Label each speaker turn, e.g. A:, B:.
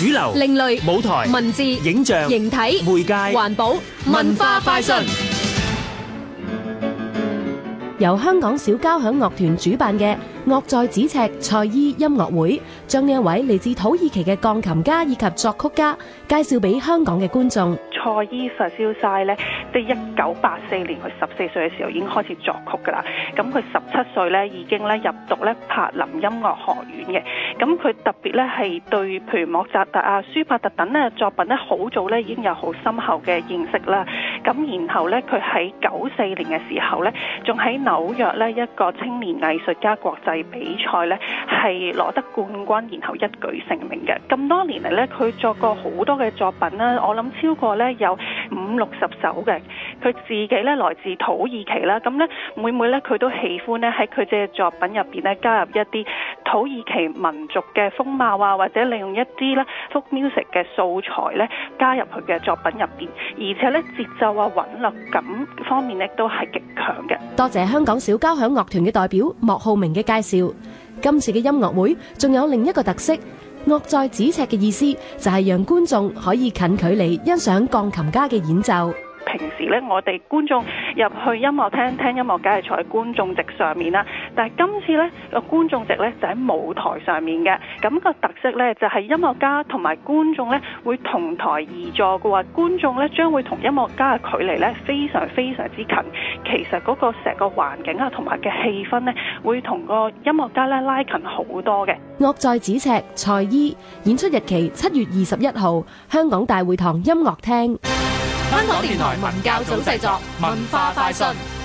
A: 主流、另類舞台、文字、影像、形
B: 體、媒介、環保、文化快訊。由香港小交響樂團主辦嘅《樂在咫尺》蔡依音樂會，將呢一位嚟自土耳其嘅鋼琴家以及作曲家介紹俾香港嘅觀眾。
A: 蔡依發燒曬呢！即係一九八四年，佢十四歲嘅時候已經開始作曲噶啦。咁佢十七歲咧，已經咧入讀咧柏林音樂學院嘅。咁佢特別咧係對譬如莫扎特啊、舒伯特等咧作品咧，好早咧已經有好深厚嘅認識啦。咁然後咧，佢喺九四年嘅時候咧，仲喺紐約咧一個青年藝術家國際比賽咧係攞得冠軍，然後一舉成名嘅。咁多年嚟咧，佢作過好多嘅作品啦。我諗超過咧有。五六十首嘅，佢自己咧來自土耳其啦，咁咧每每咧佢都喜歡咧喺佢嘅作品入邊咧加入一啲土耳其民族嘅風貌啊，或者利用一啲咧 folk music 嘅素材咧加入佢嘅作品入邊，而且咧節奏啊、韻律感方面咧都係極強嘅。
B: 多謝香港小交響樂團嘅代表莫浩明嘅介紹。今次嘅音樂會仲有另一個特色。樂在咫尺嘅意思就係讓觀眾可以近距離欣賞鋼琴家嘅演奏。
A: 平時呢，我哋觀眾入去音樂廳聽音樂，梗係坐在觀眾席上面啦。但今次咧個觀眾席咧就喺舞台上面嘅，咁個特色咧就係音樂家同埋觀眾咧會同台而坐嘅話，觀眾咧將會同音樂家嘅距離咧非常非常之近。其實嗰個成個環境啊同埋嘅氣氛咧會同個音樂家咧拉近好多嘅。
B: 樂在咫尺，蔡依演出日期七月二十一號，香港大會堂音樂廳。
A: 香港電台
B: 文教組製作，文化快訊。